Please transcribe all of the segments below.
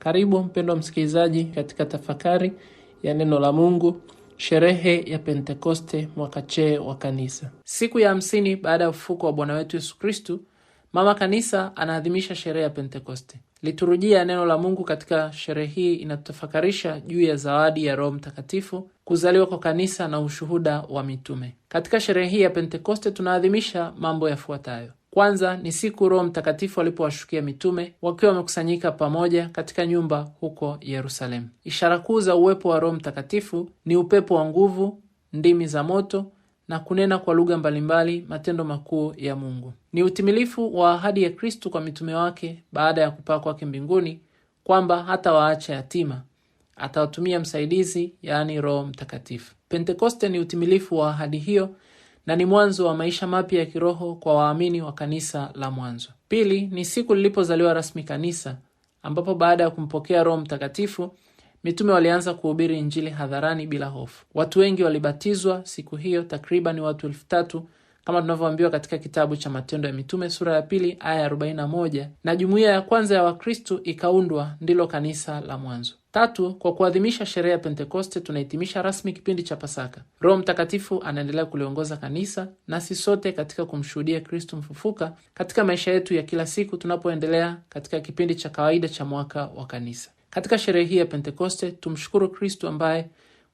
Karibu mpendwa msikilizaji katika tafakari ya neno la Mungu, sherehe ya Pentekoste, mwaka C wa Kanisa. Siku ya hamsini baada ya ufuko wa Bwana wetu Yesu Kristu, Mama Kanisa anaadhimisha sherehe ya Pentekoste. Liturujia ya neno la Mungu katika sherehe hii inatutafakarisha juu ya zawadi ya Roho Mtakatifu, kuzaliwa kwa kanisa na ushuhuda wa mitume. Katika sherehe hii ya Pentekoste tunaadhimisha mambo yafuatayo: kwanza ni siku Roho Mtakatifu alipowashukia mitume wakiwa wamekusanyika pamoja katika nyumba huko Yerusalemu. Ishara kuu za uwepo wa Roho Mtakatifu ni upepo wa nguvu, ndimi za moto na kunena kwa lugha mbalimbali matendo makuu ya Mungu. Ni utimilifu wa ahadi ya Kristu kwa mitume wake baada ya kupaa kwake mbinguni kwamba hata waacha yatima, atawatumia msaidizi, yaani Roho Mtakatifu. Pentekoste ni utimilifu wa ahadi hiyo na ni mwanzo wa maisha mapya ya kiroho kwa waamini wa kanisa la mwanzo. Pili ni siku lilipozaliwa rasmi kanisa, ambapo baada ya kumpokea Roho Mtakatifu mitume walianza kuhubiri Injili hadharani bila hofu. Watu wengi walibatizwa siku hiyo, takriban watu elfu tatu kama tunavyoambiwa katika kitabu cha Matendo ya Mitume sura ya pili aya 41, na jumuiya ya kwanza ya wakristu ikaundwa, ndilo kanisa la mwanzo. Tatu, kwa kuadhimisha sherehe ya Pentekoste tunahitimisha rasmi kipindi cha Pasaka. Roho Mtakatifu anaendelea kuliongoza kanisa nasi sote katika kumshuhudia Kristo mfufuka katika maisha yetu ya kila siku tunapoendelea katika kipindi cha kawaida cha mwaka wa kanisa. Katika sherehe hii ya Pentekoste tumshukuru Kristo ambaye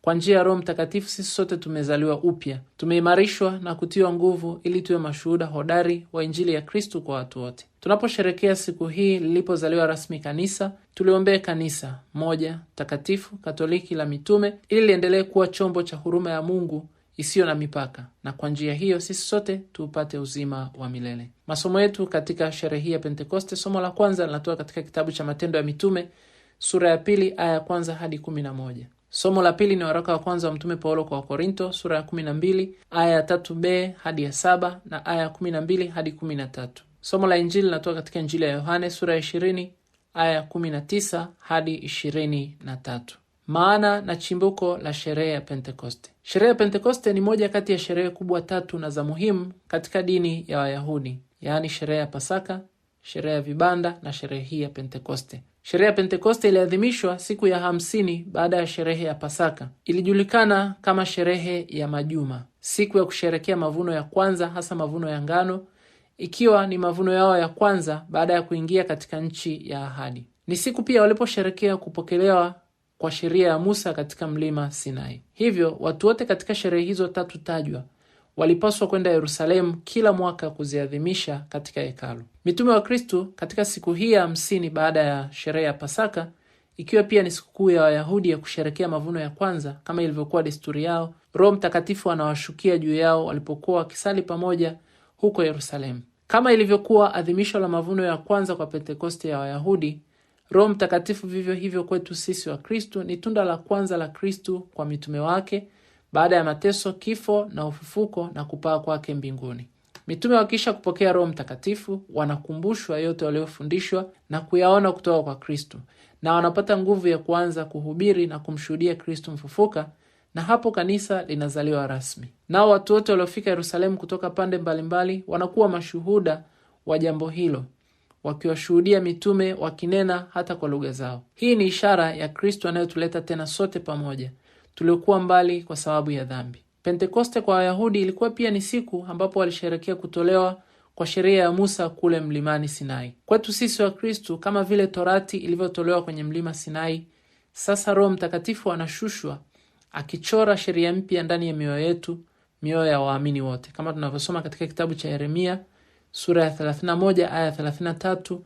kwa njia ya Roho Mtakatifu sisi sote tumezaliwa upya, tumeimarishwa na kutiwa nguvu ili tuwe mashuhuda hodari wa Injili ya Kristu kwa watu wote. Tunaposherekea siku hii lilipozaliwa rasmi kanisa, tuliombee kanisa moja takatifu Katoliki la mitume ili liendelee kuwa chombo cha huruma ya Mungu isiyo na mipaka, na kwa njia hiyo sisi sote tuupate uzima wa milele. Masomo yetu katika sherehe hii ya Pentekoste, somo la kwanza linatoka katika kitabu cha Matendo ya Mitume sura ya pili aya ya kwanza hadi kumi na moja. Somo la pili ni waraka wa kwanza wa Mtume Paulo kwa Wakorinto sura ya 12 aya ya 3b hadi ya 7 na aya ya 12 hadi 13. Somo la Injili linatoka katika Injili ya Yohane sura ya 20 aya ya 19 hadi 23. Maana na chimbuko la sherehe ya Pentekoste. Sherehe ya Pentekoste ni moja kati ya sherehe kubwa tatu na za muhimu katika dini ya Wayahudi, yaani sherehe ya Pasaka, sherehe ya vibanda na sherehe hii ya Pentekoste. Sherehe ya Pentekoste iliadhimishwa siku ya hamsini baada ya sherehe ya Pasaka. Ilijulikana kama sherehe ya Majuma, siku ya kusherekea mavuno ya kwanza, hasa mavuno ya ngano, ikiwa ni mavuno yao ya kwanza baada ya kuingia katika nchi ya ahadi. Ni siku pia waliposherekea kupokelewa kwa sheria ya Musa katika mlima Sinai. Hivyo watu wote katika sherehe hizo tatu tajwa walipaswa kwenda Yerusalemu kila mwaka kuziadhimisha katika hekalu. Mitume wa kristu katika siku hii ya hamsini baada ya sherehe ya Pasaka, ikiwa pia ni sikukuu ya Wayahudi ya kusherekea mavuno ya kwanza kama ilivyokuwa desturi yao, Roho Mtakatifu anawashukia juu yao walipokuwa wakisali pamoja huko Yerusalemu. Kama ilivyokuwa adhimisho la mavuno ya kwanza kwa Pentekoste ya Wayahudi, Roho Mtakatifu vivyo hivyo kwetu sisi wa kristu ni tunda la kwanza la kristu kwa mitume wake baada ya mateso, kifo na ufufuko na kupaa kwake mbinguni. Mitume wakiisha kupokea Roho Mtakatifu wanakumbushwa yote waliofundishwa na kuyaona kutoka kwa kristu na wanapata nguvu ya kuanza kuhubiri na kumshuhudia kristu mfufuka, na hapo kanisa linazaliwa rasmi. Nao watu wote waliofika Yerusalemu kutoka pande mbalimbali wanakuwa mashuhuda wa jambo hilo, wakiwashuhudia mitume wakinena hata kwa lugha zao. Hii ni ishara ya kristu anayotuleta tena sote pamoja tuliokuwa mbali kwa sababu ya dhambi. Pentekoste kwa Wayahudi ilikuwa pia ni siku ambapo walisherekea kutolewa kwa sheria ya Musa kule mlimani Sinai. Kwetu sisi wa Kristu, kama vile torati ilivyotolewa kwenye mlima Sinai, sasa Roho Mtakatifu anashushwa akichora sheria mpya ndani ya mioyo yetu, mioyo ya waamini wote, kama tunavyosoma katika kitabu cha Yeremia sura ya 31 aya 33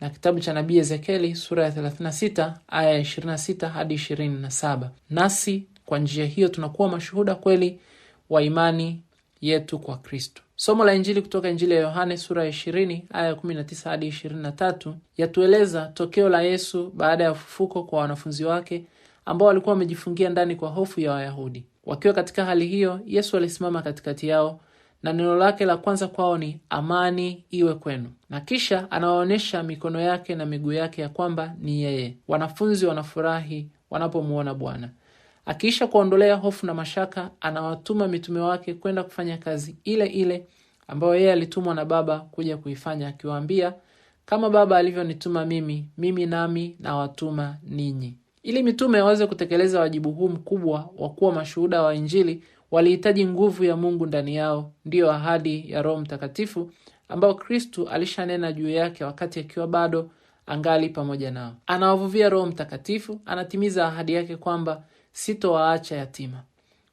na kitabu cha nabii Ezekieli sura ya 36 aya ya 26 hadi 27. Nasi kwa njia hiyo tunakuwa mashuhuda kweli wa imani yetu kwa Kristo. Somo la Injili kutoka Injili ya Yohane sura ya 20 aya ya 19 hadi 23 yatueleza tokeo la Yesu baada ya ufufuko kwa wanafunzi wake ambao walikuwa wamejifungia ndani kwa hofu ya Wayahudi. Wakiwa katika hali hiyo, Yesu alisimama katikati yao na neno lake la kwanza kwao ni amani iwe kwenu, na kisha anawaonyesha mikono yake na miguu yake ya kwamba ni yeye. Wanafunzi wanafurahi wanapomwona Bwana. Akiisha kuondolea hofu na mashaka, anawatuma mitume wake kwenda kufanya kazi ile ile ambayo yeye alitumwa na Baba kuja kuifanya, akiwaambia, kama Baba alivyonituma mimi, mimi nami nawatuma ninyi. Ili mitume waweze kutekeleza wajibu huu mkubwa wa kuwa mashuhuda wa Injili, walihitaji nguvu ya Mungu ndani yao, ndiyo ahadi ya Roho Mtakatifu ambayo Kristu alishanena juu yake wakati akiwa bado angali pamoja nao. Anawavuvia Roho Mtakatifu, anatimiza ahadi yake kwamba sitowaacha yatima.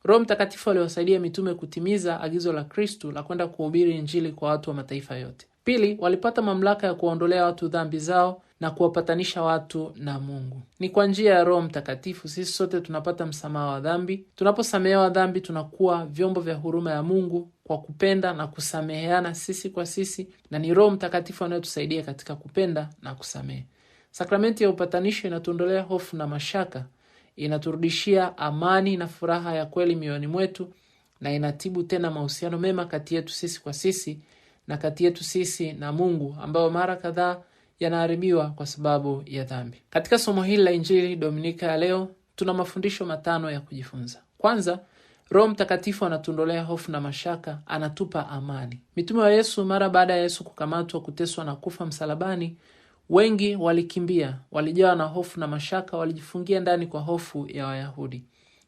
Roho Mtakatifu aliwasaidia mitume kutimiza agizo la Kristu la kwenda kuhubiri Injili kwa watu wa mataifa yote. Pili, walipata mamlaka ya kuwaondolea watu dhambi zao na kuwapatanisha watu na Mungu. Ni kwa njia ya Roho Mtakatifu sisi sote tunapata msamaha wa dhambi. Tunaposamehewa dhambi, tunakuwa vyombo vya huruma ya Mungu kwa kupenda na kusameheana sisi kwa sisi, na ni Roho Mtakatifu anayotusaidia katika kupenda na kusamehe. Sakramenti ya upatanisho inatuondolea hofu na mashaka, inaturudishia amani na furaha ya kweli mioyoni mwetu, na inatibu tena mahusiano mema kati yetu sisi kwa sisi na kati yetu sisi na Mungu, ambayo mara kadhaa yanaharibiwa kwa sababu ya dhambi. Katika somo hili la Injili Dominika ya leo tuna mafundisho matano ya kujifunza. Kwanza, Roho Mtakatifu anatuondolea hofu na mashaka, anatupa amani. Mitume wa Yesu mara baada ya Yesu kukamatwa, kuteswa na kufa msalabani, wengi walikimbia, walijawa na hofu na mashaka, walijifungia ndani kwa hofu ya Wayahudi.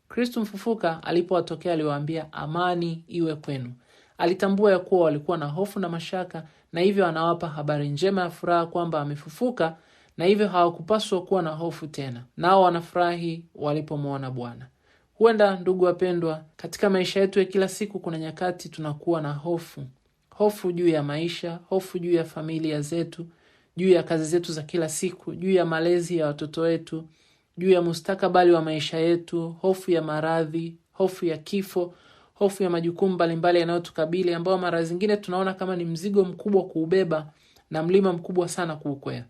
Kristu mfufuka alipowatokea aliwaambia, amani iwe kwenu. Alitambua ya kuwa walikuwa na hofu na mashaka, na hivyo anawapa habari njema ya furaha kwamba amefufuka, na hivyo hawakupaswa kuwa na hofu tena, nao wanafurahi walipomwona Bwana. Huenda ndugu wapendwa, katika maisha yetu ya kila siku kuna nyakati tunakuwa na hofu, hofu juu ya maisha, hofu juu ya familia zetu, juu ya kazi zetu za kila siku, juu ya malezi ya watoto wetu, juu ya mustakabali wa maisha yetu, hofu ya maradhi, hofu ya kifo, hofu ya majukumu mbalimbali yanayotukabili ambayo mara zingine tunaona kama ni mzigo mkubwa kuubeba na mlima mkubwa sana kuukwea.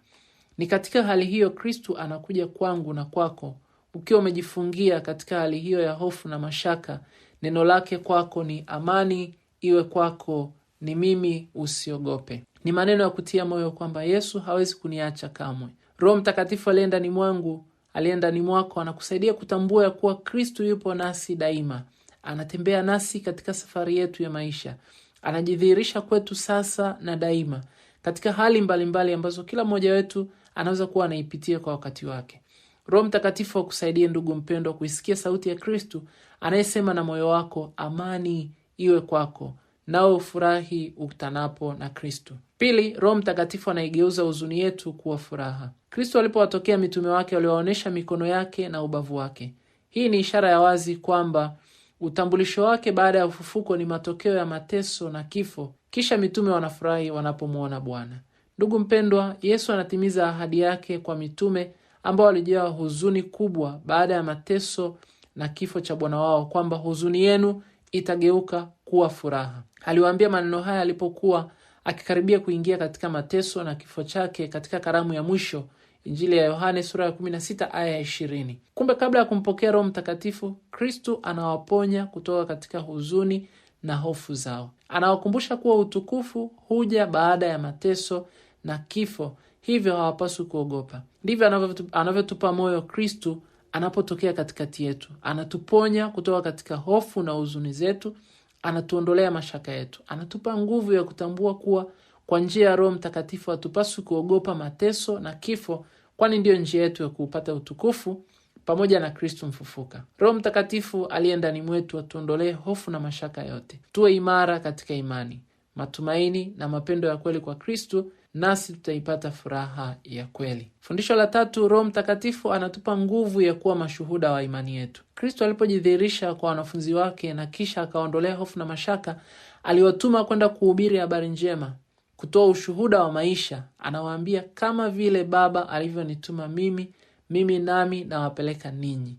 Ni katika hali hiyo Kristu anakuja kwangu na kwako ukiwa umejifungia katika hali hiyo ya hofu na mashaka. Neno lake kwako ni amani iwe kwako, ni mimi, usiogope. Ni maneno ya kutia moyo kwamba Yesu hawezi kuniacha kamwe. Roho Mtakatifu aliye ndani mwangu, aliye ndani mwako, anakusaidia kutambua ya kuwa Kristu yupo nasi daima anatembea nasi katika safari yetu ya maisha, anajidhihirisha kwetu sasa na daima katika hali mbalimbali mbali ambazo kila mmoja wetu anaweza kuwa anaipitia kwa wakati wake. Roho Mtakatifu akusaidie ndugu mpendwa, kuisikia sauti ya Kristu anayesema na moyo wako, amani iwe kwako, nawe ufurahi ukutanapo na Kristu. Pili, Roho Mtakatifu anaigeuza huzuni yetu kuwa furaha. Kristu alipowatokea mitume wake, waliwaonyesha mikono yake na ubavu wake. Hii ni ishara ya wazi kwamba Utambulisho wake baada ya ufufuko ni matokeo ya mateso na kifo, kisha mitume wanafurahi wanapomwona Bwana. Ndugu mpendwa, Yesu anatimiza ahadi yake kwa mitume ambao walijawa huzuni kubwa baada ya mateso na kifo cha Bwana wao kwamba huzuni yenu itageuka kuwa furaha. Aliwaambia maneno haya alipokuwa akikaribia kuingia katika mateso na kifo chake katika karamu ya mwisho Injili ya Yohane sura ya 16 aya ya 20. Kumbe kabla ya kumpokea Roho Mtakatifu, Kristu anawaponya kutoka katika huzuni na hofu zao. Anawakumbusha kuwa utukufu huja baada ya mateso na kifo, hivyo hawapaswi kuogopa. Ndivyo anavyotupa moyo Kristu anapotokea katikati yetu. Anatuponya kutoka katika hofu na huzuni zetu, anatuondolea mashaka yetu, anatupa nguvu ya kutambua kuwa kwa njia ya Roho Mtakatifu hatupaswi kuogopa mateso na kifo, kwani ndiyo njia yetu ya kuupata utukufu pamoja na kristu mfufuka. Roho Mtakatifu aliye ndani mwetu atuondolee hofu na mashaka yote, tuwe imara katika imani, matumaini na mapendo ya kweli kwa kristu nasi tutaipata furaha ya kweli. Fundisho la tatu, Roho Mtakatifu anatupa nguvu ya kuwa mashuhuda wa imani yetu. kristu alipojidhihirisha kwa wanafunzi wake na kisha akaondolea hofu na mashaka, aliwatuma kwenda kuhubiri habari njema kutoa ushuhuda wa maisha, anawaambia kama vile Baba alivyonituma mimi, mimi nami nawapeleka ninyi.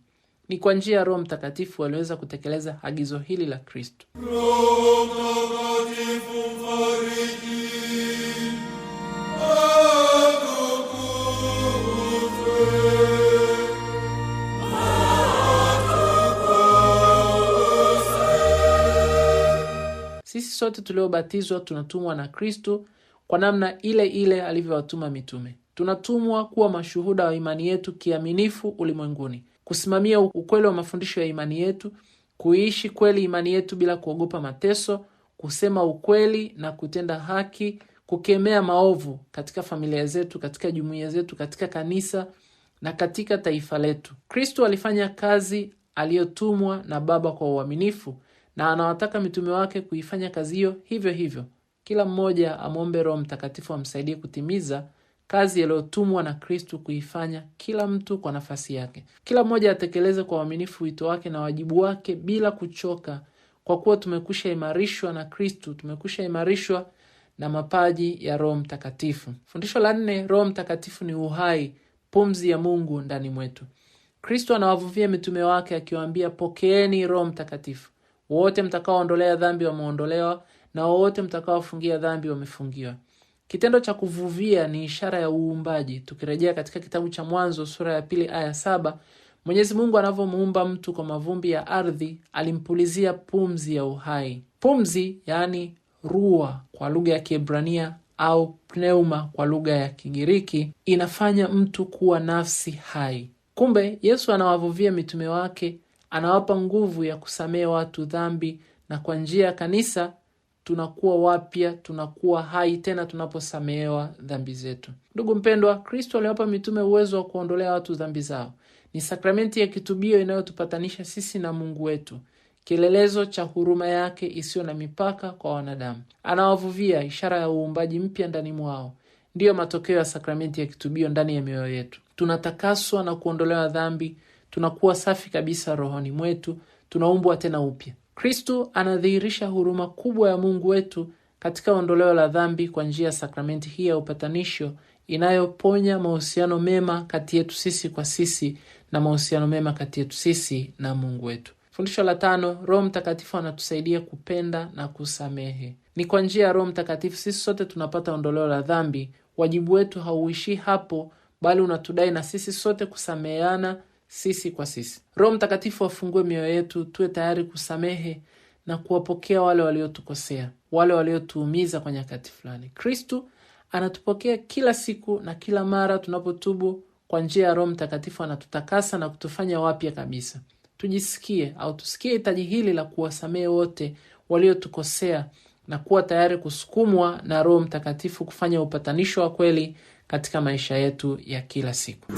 Ni kwa njia ya Roho Mtakatifu waliweza kutekeleza agizo hili la Kristo. sote tuliobatizwa tunatumwa na Kristo kwa namna ile ile alivyowatuma mitume. Tunatumwa kuwa mashuhuda wa imani yetu kiaminifu ulimwenguni, kusimamia ukweli wa mafundisho ya imani yetu, kuishi kweli imani yetu bila kuogopa mateso, kusema ukweli na kutenda haki, kukemea maovu katika familia zetu, katika jumuiya zetu, katika kanisa na katika taifa letu. Kristo alifanya kazi aliyotumwa na Baba kwa uaminifu na anawataka mitume wake kuifanya kazi hiyo hivyo hivyo. Kila mmoja amwombe Roho Mtakatifu amsaidie kutimiza kazi yaliyotumwa na Kristu kuifanya, kila mtu kwa nafasi yake. Kila mmoja atekeleze kwa uaminifu wito wake na wajibu wake bila kuchoka, kwa kuwa tumekwisha imarishwa na Kristu, tumekwisha imarishwa na mapaji ya Roho Mtakatifu. Fundisho la nne: Roho Mtakatifu ni uhai, pumzi ya Mungu ndani mwetu. Kristu anawavuvia mitume wake akiwaambia, pokeeni Roho Mtakatifu wote mtakaoondolea dhambi wameondolewa na wote mtakaofungia dhambi wamefungiwa. Kitendo cha kuvuvia ni ishara ya uumbaji. Tukirejea katika kitabu cha Mwanzo sura ya pili aya saba, Mwenyezi Mungu anavyomuumba mtu kwa mavumbi ya ardhi alimpulizia pumzi ya uhai. Pumzi yani rua kwa lugha ya Kiebrania au pneuma kwa lugha ya Kigiriki inafanya mtu kuwa nafsi hai. Kumbe Yesu anawavuvia mitume wake anawapa nguvu ya kusamea watu dhambi, na kwa njia ya kanisa tunakuwa wapya, tunakuwa hai tena tunaposamehewa dhambi zetu. Ndugu mpendwa, Kristo aliwapa mitume uwezo wa kuondolea watu dhambi zao. Ni sakramenti ya kitubio inayotupatanisha sisi na Mungu wetu, kielelezo cha huruma yake isiyo na mipaka kwa wanadamu. Anawavuvia ishara ya uumbaji mpya ndani mwao. Ndiyo matokeo ya sakramenti ya kitubio ndani ya mioyo yetu, tunatakaswa na kuondolewa dhambi tunakuwa safi kabisa rohoni mwetu, tunaumbwa tena upya. Kristu anadhihirisha huruma kubwa ya Mungu wetu katika ondoleo la dhambi kwa njia ya sakramenti hii ya upatanisho inayoponya mahusiano mema kati yetu sisi kwa sisi na mahusiano mema kati yetu sisi na Mungu wetu. Fundisho la tano, Roho Mtakatifu anatusaidia kupenda na kusamehe. Ni kwa njia ya Roho Mtakatifu sisi sote tunapata ondoleo la dhambi. Wajibu wetu hauishii hapo, bali unatudai na sisi sote kusameheana sisi kwa sisi. Roho Mtakatifu afungue mioyo yetu, tuwe tayari kusamehe na kuwapokea wale waliotukosea, wale waliotuumiza kwa nyakati fulani. Kristu anatupokea kila siku na kila mara tunapotubu kwa njia ya Roho Mtakatifu anatutakasa na kutufanya wapya kabisa. Tujisikie au tusikie hitaji hili la kuwasamehe wote waliotukosea na kuwa tayari kusukumwa na Roho Mtakatifu kufanya upatanisho wa kweli katika maisha yetu ya kila siku.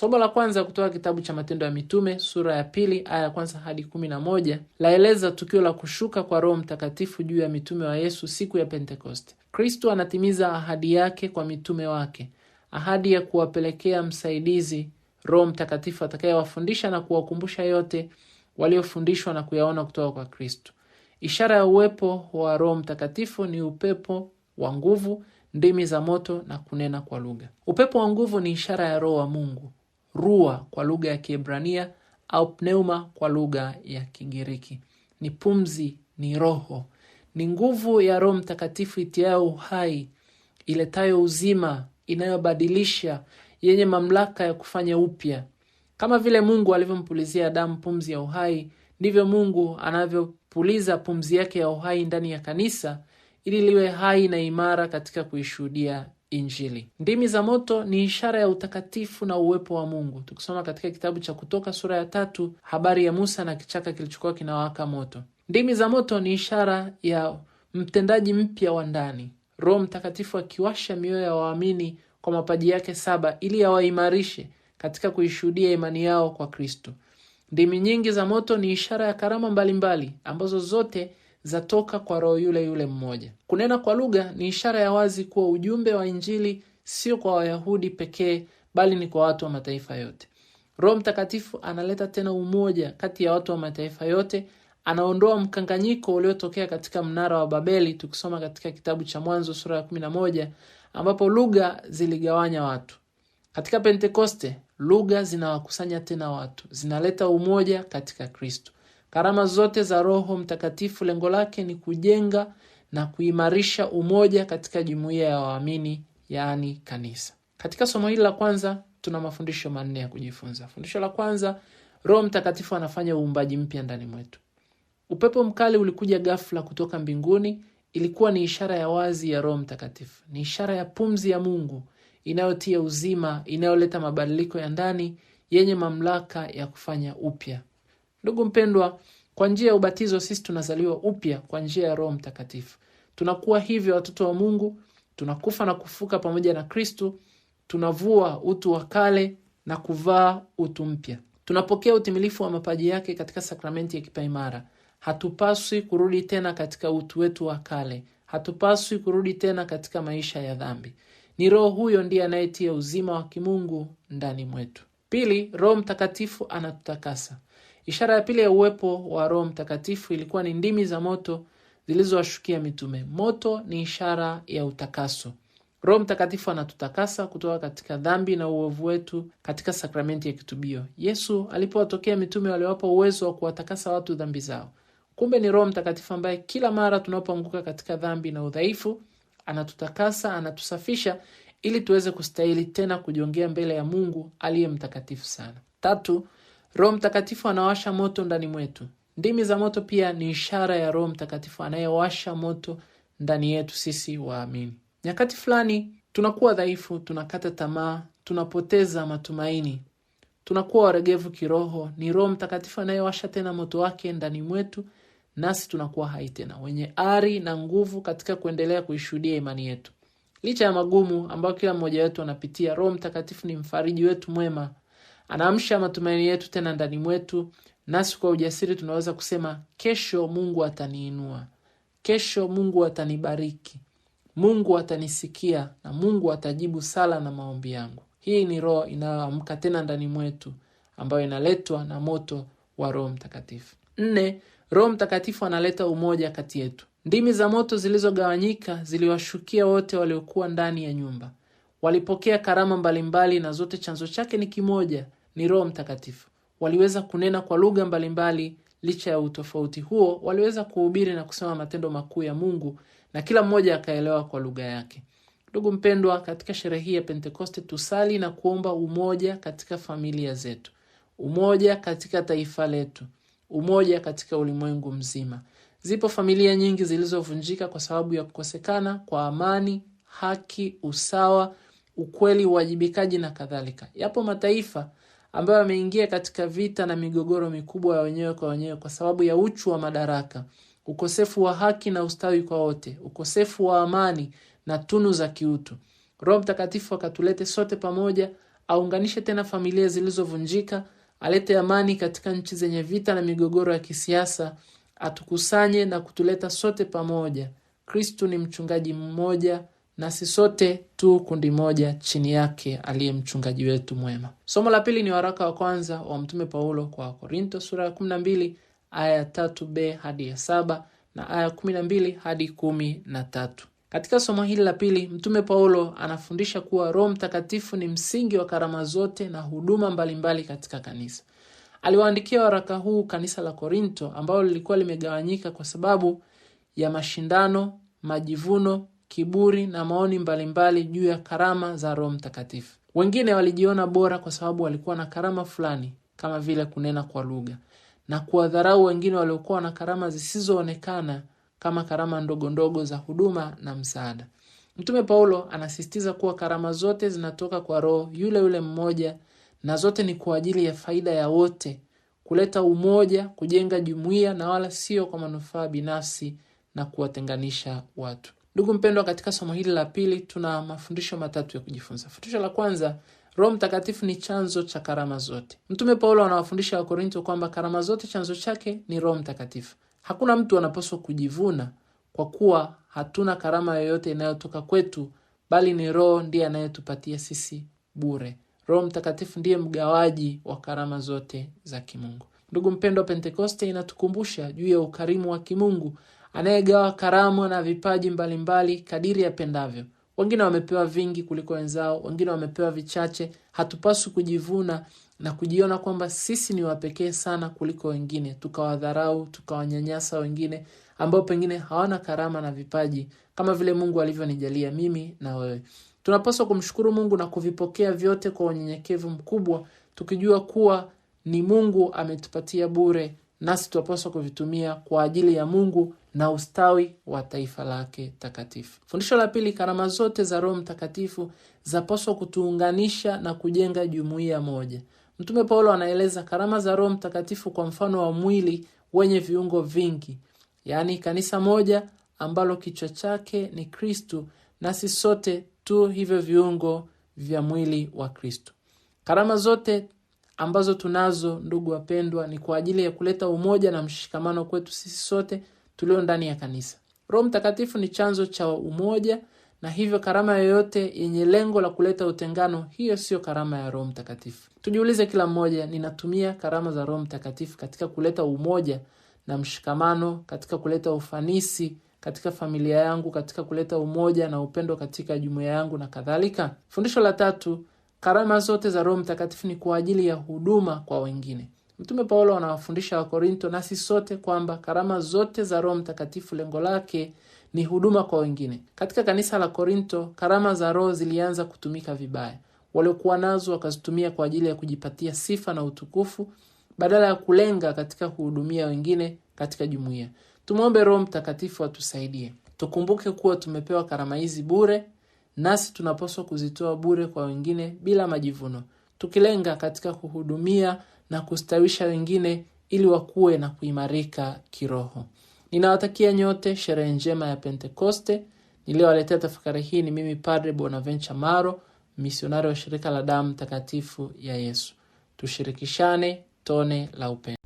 Somo la kwanza kutoka kitabu cha Matendo ya Mitume sura ya pili aya ya kwanza hadi kumi na moja laeleza tukio la kushuka kwa Roho Mtakatifu juu ya mitume wa Yesu siku ya Pentekoste. kristu anatimiza ahadi yake kwa mitume wake, ahadi ya kuwapelekea msaidizi, Roho Mtakatifu atakayewafundisha na kuwakumbusha yote waliofundishwa na kuyaona kutoka kwa kristu Ishara ya uwepo wa Roho Mtakatifu ni upepo wa nguvu, ndimi za moto na kunena kwa lugha. Upepo wa nguvu ni ishara ya Roho wa Mungu rua kwa lugha ya Kiebrania au pneuma kwa lugha ya Kigiriki. Ni pumzi, ni roho, ni nguvu ya Roho Mtakatifu itiayo uhai, iletayo uzima, inayobadilisha, yenye mamlaka ya kufanya upya. Kama vile Mungu alivyompulizia Adamu pumzi ya uhai, ndivyo Mungu anavyopuliza pumzi yake ya uhai ndani ya kanisa ili liwe hai na imara katika kuishuhudia Injili. Ndimi za moto ni ishara ya utakatifu na uwepo wa Mungu. Tukisoma katika kitabu cha Kutoka sura ya tatu, habari ya Musa na kichaka kilichokuwa kinawaka moto. Ndimi za moto ni ishara ya mtendaji mpya wa ndani, Roho Mtakatifu akiwasha mioyo ya waamini kwa mapaji yake saba ili yawaimarishe katika kuishuhudia imani yao kwa Kristo. Ndimi nyingi za moto ni ishara ya karama mbalimbali mbali, ambazo zote zatoka kwa roho yule yule mmoja. Kunena kwa lugha ni ishara ya wazi kuwa ujumbe wa Injili sio kwa Wayahudi pekee, bali ni kwa watu wa mataifa yote. Roho Mtakatifu analeta tena umoja kati ya watu wa mataifa yote, anaondoa mkanganyiko uliotokea katika mnara wa Babeli, tukisoma katika kitabu cha Mwanzo sura ya 11 ambapo lugha ziligawanya watu. Katika Pentekoste lugha zinawakusanya tena watu, zinaleta umoja katika Kristo. Karama zote za Roho Mtakatifu lengo lake ni kujenga na kuimarisha umoja katika jumuiya ya waamini, yani kanisa. Katika somo hili la kwanza tuna mafundisho manne ya kujifunza. Fundisho la kwanza, Roho Mtakatifu anafanya uumbaji mpya ndani mwetu. Upepo mkali ulikuja gafla kutoka mbinguni. Ilikuwa ni ishara ya wazi ya Roho Mtakatifu, ni ishara ya pumzi ya Mungu inayotia uzima, inayoleta mabadiliko ya ndani yenye mamlaka ya kufanya upya. Ndugu mpendwa, kwa njia ya ubatizo sisi tunazaliwa upya kwa njia ya Roho Mtakatifu. Tunakuwa hivyo watoto wa Mungu, tunakufa na kufuka pamoja na kristu tunavua utu wa kale na kuvaa utu mpya. Tunapokea utimilifu wa mapaji yake katika sakramenti ya kipaimara. Hatupaswi kurudi tena katika utu wetu wa kale, hatupaswi kurudi tena katika maisha ya dhambi. Ni Roho huyo ndiye anayetia uzima wa kimungu ndani mwetu. Pili, Roho Mtakatifu anatutakasa. Ishara ya pili ya uwepo wa Roho Mtakatifu ilikuwa ni ndimi za moto zilizowashukia mitume. Moto ni ishara ya utakaso. Roho Mtakatifu anatutakasa kutoka katika dhambi na uovu wetu katika sakramenti ya kitubio. Yesu alipowatokea mitume waliwapa uwezo wa kuwatakasa watu dhambi zao. Kumbe ni Roho Mtakatifu ambaye kila mara tunapoanguka katika dhambi na udhaifu, anatutakasa, anatusafisha ili tuweze kustahili tena kujongea mbele ya Mungu aliye mtakatifu sana. Tatu, Roho Mtakatifu anawasha moto ndani mwetu. Ndimi za moto pia ni ishara ya Roho Mtakatifu anayewasha moto ndani yetu sisi waamini. Nyakati fulani tunakuwa dhaifu, tunakata tamaa, tunapoteza matumaini, tunakuwa waregevu kiroho. Ni Roho Mtakatifu anayewasha tena moto wake ndani mwetu, nasi tunakuwa hai tena, wenye ari na nguvu katika kuendelea kuishuhudia imani yetu licha ya magumu ambayo kila mmoja wetu anapitia. Roho Mtakatifu ni mfariji wetu mwema Anaamsha matumaini yetu tena ndani mwetu, nasi kwa ujasiri tunaweza kusema kesho Mungu ataniinua, kesho Mungu atanibariki, Mungu atanisikia na Mungu atajibu sala na maombi yangu. Hii ni roho inayoamka tena ndani mwetu ambayo inaletwa na moto wa Roho Mtakatifu. Nne, Roho Mtakatifu analeta umoja kati yetu. Ndimi za moto zilizogawanyika ziliwashukia wote waliokuwa ndani ya nyumba. Walipokea karama mbalimbali, na zote chanzo chake ni kimoja, ni Roho Mtakatifu. Waliweza kunena kwa lugha mbalimbali, licha ya utofauti huo, waliweza kuhubiri na kusema matendo makuu ya Mungu na kila mmoja akaelewa kwa lugha yake. Ndugu mpendwa, katika sherehe hii ya Pentekoste tusali na kuomba umoja katika familia zetu, umoja katika taifa letu, umoja katika ulimwengu mzima. Zipo familia nyingi zilizovunjika kwa sababu ya kukosekana kwa amani, haki, usawa, ukweli, uwajibikaji na kadhalika. Yapo mataifa ambayo wameingia katika vita na migogoro mikubwa ya wenyewe kwa wenyewe kwa sababu ya uchu wa madaraka, ukosefu wa haki na ustawi kwa wote, ukosefu wa amani na tunu za kiutu. Roho Mtakatifu akatulete sote pamoja, aunganishe tena familia zilizovunjika, alete amani katika nchi zenye vita na migogoro ya kisiasa, atukusanye na kutuleta sote pamoja. Kristu ni mchungaji mmoja nasi sote tu kundi moja chini yake aliye mchungaji wetu mwema. Somo la pili ni waraka wa kwanza wa Mtume Paulo kwa Wakorinto sura ya 1b aya ya 3b hadi ya saba na aya 12 hadi na tatu Katika somo hili la pili Mtume Paulo anafundisha kuwa Roho Mtakatifu ni msingi wa karama zote na huduma mbalimbali mbali katika kanisa. Aliwaandikia waraka huu kanisa la Korinto ambalo lilikuwa limegawanyika kwa sababu ya mashindano, majivuno kiburi na maoni mbalimbali juu ya karama za Roho Mtakatifu. Wengine walijiona bora kwa sababu walikuwa na karama fulani kama vile kunena kwa lugha na kuwadharau wengine waliokuwa na karama zisizoonekana kama karama ndogondogo ndogo za huduma na msaada. Mtume Paulo anasisitiza kuwa karama zote zinatoka kwa Roho yule yule mmoja, na zote ni kwa ajili ya faida ya wote, kuleta umoja, kujenga jumuiya, na wala sio kwa manufaa binafsi na kuwatenganisha watu. Ndugu mpendwa, katika somo hili la pili tuna mafundisho matatu ya kujifunza. Fundisho la kwanza, Roho Mtakatifu ni chanzo cha karama zote. Mtume Paulo anawafundisha Wakorintho kwamba karama zote chanzo chake ni Roho Mtakatifu. Hakuna mtu anapaswa kujivuna kwa kuwa hatuna karama yoyote inayotoka kwetu, bali ni Roho ndiye anayetupatia sisi bure. Roho Mtakatifu ndiye mgawaji wa karama zote za kimungu. Ndugu mpendwa, Pentekoste inatukumbusha juu ya ukarimu wa kimungu anayegawa karama na vipaji mbalimbali mbali, kadiri yapendavyo. Wengine wamepewa vingi kuliko wenzao, wengine wamepewa vichache. Hatupaswi kujivuna na kujiona kwamba sisi ni wapekee sana kuliko wengine, tukawadharau tukawanyanyasa wengine ambao pengine hawana karama na vipaji kama vile Mungu alivyonijalia mimi na wewe. Tunapaswa kumshukuru Mungu na kuvipokea vyote kwa unyenyekevu mkubwa, tukijua kuwa ni Mungu ametupatia bure nasi tuwapaswa kuvitumia kwa ajili ya Mungu na ustawi wa taifa lake takatifu. Fundisho la pili, karama zote za Roho Mtakatifu zapaswa kutuunganisha na kujenga jumuiya moja. Mtume Paulo anaeleza karama za Roho Mtakatifu kwa mfano wa mwili wenye viungo vingi, yaani kanisa moja ambalo kichwa chake ni Kristu, nasi sote tu hivyo viungo vya mwili wa Kristu. Karama zote ambazo tunazo ndugu wapendwa, ni kwa ajili ya kuleta umoja na mshikamano kwetu sisi sote tulio ndani ya kanisa. Roho Mtakatifu ni chanzo cha umoja, na hivyo karama yoyote yenye lengo la kuleta utengano, hiyo siyo karama ya Roho Mtakatifu. Tujiulize kila mmoja, ninatumia karama za Roho Mtakatifu katika kuleta umoja na mshikamano, katika kuleta ufanisi katika familia yangu, katika kuleta umoja na upendo katika jumuiya yangu na kadhalika. Fundisho la tatu Karama zote za Roho Mtakatifu ni kwa ajili ya huduma kwa wengine. Mtume Paulo anawafundisha Wakorinto na sote kwamba karama zote za Roho Mtakatifu lengo lake ni huduma kwa wengine. Katika kanisa la Korinto, karama za Roho zilianza kutumika vibaya. Waliokuwa nazo wakazitumia kwa ajili ya kujipatia sifa na utukufu badala ya kulenga katika kuhudumia wengine katika jumuiya. Tumwombe Roho Mtakatifu atusaidie. Tukumbuke kuwa tumepewa karama hizi bure nasi tunapaswa kuzitoa bure kwa wengine bila majivuno, tukilenga katika kuhudumia na kustawisha wengine ili wakuwe na kuimarika kiroho. Ninawatakia nyote sherehe njema ya Pentekoste. Niliyowaletea tafakari hii ni mimi Padre Bonaventure Maro, misionari wa shirika la damu takatifu ya Yesu. Tushirikishane tone la upendo.